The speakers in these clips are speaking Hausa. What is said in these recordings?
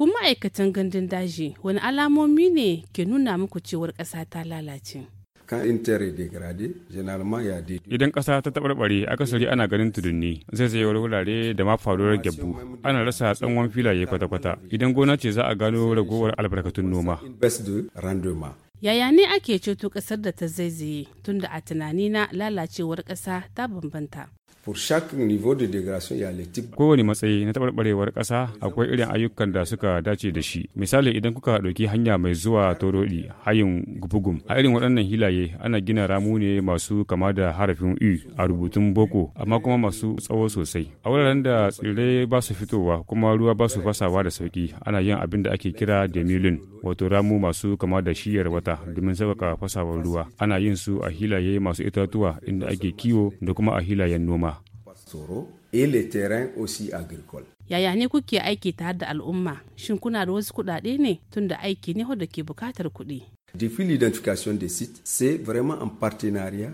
kuma ma'aikatan gandun daji wani alamomi ne ke nuna muku cewar ƙasa ta lalace? Idan ƙasa ta taɓarɓare akasari ana ganin tudunni zai zayyawar wurare da ma faruwar gyabbu ana rasa tsangon filaye kwata-kwata idan gona ce za a gano ragowar albarkatun noma. Yaya ne ake ceto ƙasar da ta zaizaye tunda a tunanina lalacewar ƙasa ta bambanta. Kowane matsayi na taɓarɓarewar ƙasa akwai irin ayyukan da suka dace da shi. Misali idan kuka ɗauki hanya mai zuwa Torodi, hayin Gubugum. A irin waɗannan hilaye ana gina ramu ne masu kama da harafin U a rubutun boko amma kuma masu tsawo sosai. A wuraren da tsirrai ba su fitowa kuma ruwa ba su fasawa da sauƙi ana yin abin da ake kira demilin wato ramu masu kama da shiyar wata domin sauƙaƙa fasawar ruwa. Ana yin su a hilaye masu itatuwa inda ake kiwo da kuma a hilayen noma. tsoro et les terrains aussi agricoles. Yaya ne kuke aiki tare da al'umma? Shin kuna da wasu kuɗaɗe ne tunda aiki ne wadda ke bukatar kuɗi? Depuis l'identification des sites, c'est vraiment un partenariat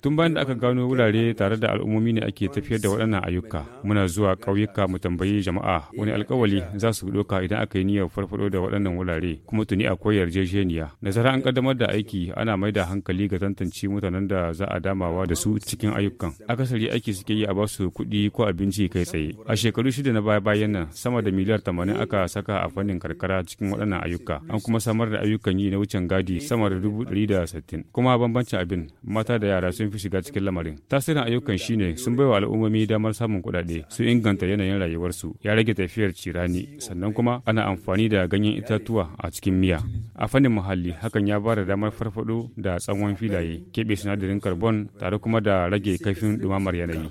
Tun bayan da aka gano wurare tare da al'ummomi ne ake tafiyar da waɗannan ayyuka. Muna zuwa ƙauyuka mu tambayi jama'a wani alkawali za su ɗauka idan aka yi niyyar farfaɗo da waɗannan wurare kuma tuni akwai yarjejeniya. Da zara an kaddamar da aiki ana mai da hankali ga tantance mutanen da za a damawa da su cikin ayyukan. Akasari aiki suke yi a ba su kuɗi ko abinci kai tsaye. A shekaru shida na baya bayan nan sama da miliyar tamanin aka saka a fannin karkara cikin waɗannan ayyuka. An kuma samar da ayyukan yi na wucin gadi sama da dubu ɗari da sittin kuma bambancin abin mata da yara sun fi shiga cikin lamarin tasirin ayyukan shine sun baiwa al'ummomi damar samun kuɗaɗe su inganta yanayin rayuwarsu ya rage tafiyar cirani sannan kuma ana amfani da ganyen itatuwa a cikin miya a fannin muhalli hakan ya ba da damar farfado da tsawon filaye keɓe sinadarin carbon tare kuma da rage kaifin ɗumamar yanayi